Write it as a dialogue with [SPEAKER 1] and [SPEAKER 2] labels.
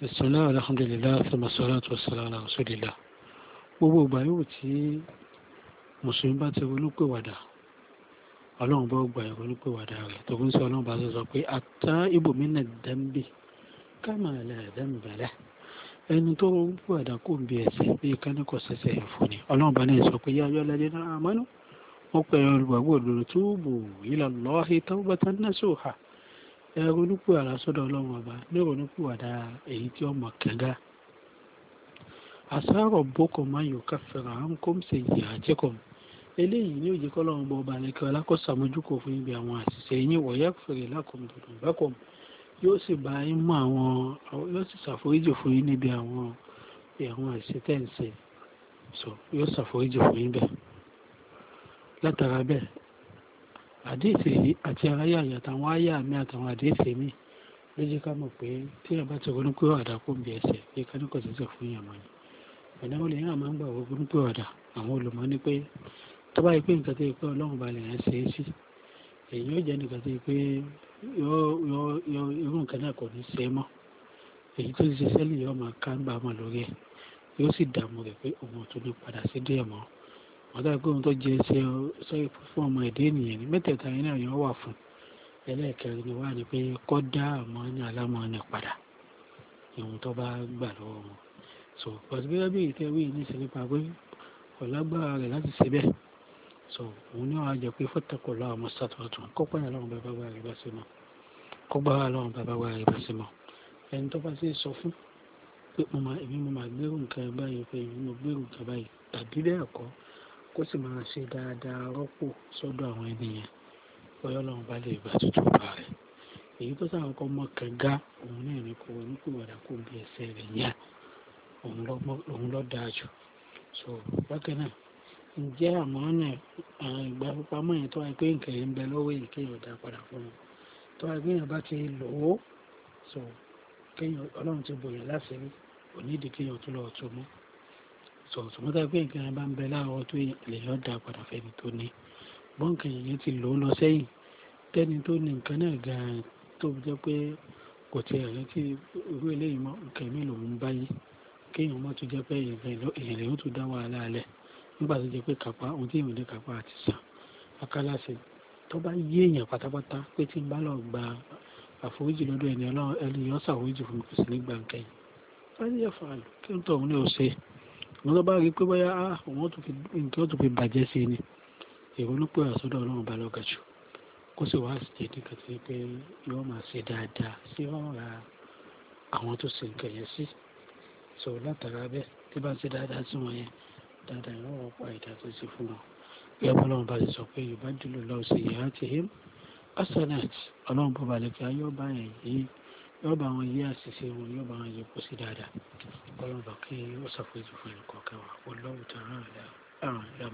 [SPEAKER 1] bisimilahi alhamdulilayi sọmọsọlátù wasalaamu rasulillah gbogbo ìgbà yóò tí mùsùlùmí bá ti ronúpìwàdà ọlọ́run bá gba ìrònúpìwàdà rẹ̀ tòun sọ ọlọ́run bá sọ pé ata ibòmí náà dẹ́mbì káàmà ẹ̀lẹ́ ẹ̀dẹ́mbẹ̀lẹ́ ẹni tó ronúpìwàdà kò ń bí ẹsẹ̀ bí kánú kò ṣẹṣẹ̀ ìfúnni ọlọ́run bá ní sọ pé yá ayọ́ lẹ́dẹ́ náà àmọ́nú wọ́n pẹ̀lú olùgbàgbọ́ òdòdó ẹ ronúpù àrà sọ́dọ̀ ọlọ́run ọba ní ronúpù àdá èyí tí ọmọ kẹgà àsáró bókọ̀ máa yọ káfẹ́ra à ń kó ṣe ìyà àjẹkọ̀m eléyìí ní òjì kọ́lọ́run bọ́ ọba àlẹ́kẹ́ ọlákọ́sọ àmójúkọ̀ fún ibi àwọn àṣìṣe yín wọ̀nyá fèrè lákòm dùdùn bákọ̀m yóò sì bá yín mú àwọn yóò sì ṣàforíjì fún yín níbi àwọn àwọn àṣìṣe tẹ̀ ń ṣe yóò ṣàforíjì fún yín bẹ́ẹ̀ látara bẹ́ẹ̀ àdéhìí yìí àti aráyà yìí àtàwọn àyà mi àtàwọn àdéhìí mi ló jẹ́ ká mọ̀ pé tí yàrá bá ti ronú pé ọ̀dà kò ń bí ẹsẹ̀ pé ká ní kò sẹ́sẹ̀ fún yàrá ni ọ̀dà wọlé yàrá máa ń gbà wọ́n ronú pé ọ̀dà àwọn olùmọ̀ ni pé tó bá yẹ pé nǹkan tó yẹ pé ọlọ́run ba lè yàn ṣe é sí èyí yóò jẹ́ nǹkan tó yẹ pé irú nǹkan náà kò ní ṣe é mọ́ èyí tó ṣiṣẹ́ nìyẹn ọmọ ká ń bá ọmọ lórí ẹ̀ yóò sì dààmú rẹ̀ pé òun ò tún ní padà sí díẹ̀ wọ́n dàgbé ohun tó jẹ ṣe sọ́yìn fún ọmọ ẹ̀dẹ́ ènìyàn ní mẹ́tẹ̀ẹ̀ta yẹn náà yẹn wà fún ẹlẹ́ẹ̀kẹrin ni wà ní pé kọ́ dá àmọ́ ní alámọ́ ní padà ìhun tó bá gbà lọ́wọ́ wọn so pàṣẹ bí wọ́n bí ìtẹ́wé yìí ní sinmi pa pé ọ̀lágbára rẹ̀ láti ṣe bẹ́ẹ̀ so òun ní wàá jẹ pé fọ́tẹ̀kọ̀ lọ́wọ́ ọmọ sátọ̀tún kọ́pọ̀ yà lọ́wọ́ bàbá wa rẹ̀ bá ṣe mọ́ kọ́gbà wà lọ́wọ́ bàbá wa rẹ̀ bá ṣe mọ́ ẹni tó bá sì sọ fún pé mo máa gbérù nǹkan báyìí pé mo gbérù nǹkan báyìí tàbí bẹ́ẹ̀ kọ́ kó sì máa ṣe dáadáa rọ́pò sọ́dọ̀ àwọn ẹni yẹn bóyá ọlọ́run bá lè gbà tuntun bá rẹ̀ èyí tó sáwọn kọ́ mọ́ kẹ̀gá òun náà ní kó oníkùwàdà kó bí ẹsẹ̀ rẹ̀ yá òun lọ́ dáa jù so bákan náà ǹjẹ́ àmọ́ náà ìgbà pípamọ́ yẹn tó wáyé pé nǹkan yẹn ń bẹ lọ́wọ́ yìí kéèyàn dá padà fún un tó wáyé pé yẹn bá ti lò ó so kéèyàn ọlọ́run ti bòyàn láṣìírí òní ìdí kéèyàn tó lọ́ọ́ tó mọ́ sọ̀rọ̀ sọ̀rọ̀ tá a pé nǹkan yẹn bá ń bẹ láàárọ̀ tó èèyàn dá padà fẹ́ni tó ní bọ́ǹkì yẹn ti lò ó lọ sẹ́yìn tẹ́ni tó ní nǹkan náà gan-an tó jẹ́ pé kò tiẹ̀ rántí irú eléyìí mọ́ nǹkan mi lòún báyìí kéèyàn mọ́ tó jẹ́ pé èèyàn lèyàn tó dá wàhálà alẹ́ nígbà tó jẹ́ pé kápá ohun tí èèyàn lè kápá àti sàn akálàsì tó bá yé èèyàn pátápátá pé tí n bá lọ gba àforíjì lọ́dọ̀ ẹni ọlọ́run ẹni yọ sàforíjì fún mi kò sí ní gbàǹkẹ́yìn. wọ́n yẹ fàálù kí n tọ̀ òun ní òṣè wọn tó bá rí pé bóyá wọn ah, tó fi nǹkan tó fi bàjẹ́ sí ni èrò ló pè àsọdọ̀ ọlọ́run bá lọ́gà jù kó sì wá ṣe nǹkan tí pé yóò máa ṣe dáadáa sí ọ̀ra àwọn tó ṣe nǹkan yẹn sí so látara bẹ́ẹ̀ tí bá ń ṣe dáadáa sí wọn yẹn dáadáa yóò wọ́n pa ìdá tó ṣe fún wọn bí ọmọ ọlọ́run bá sọ pé yorùbá dùn lọ sí ìyá ti him asanat ọlọ́run bó balẹ̀ kí a yóò bá yẹn yí yóò bá wọn yí àṣìṣe wọn yóò bá wọn yí kó sí dáadáa kọ́lọ́mùbá kí ó ṣàforíjì fún ẹnì kọ̀ọ̀kan ọlọ́run tó rán àrùn ìlànà.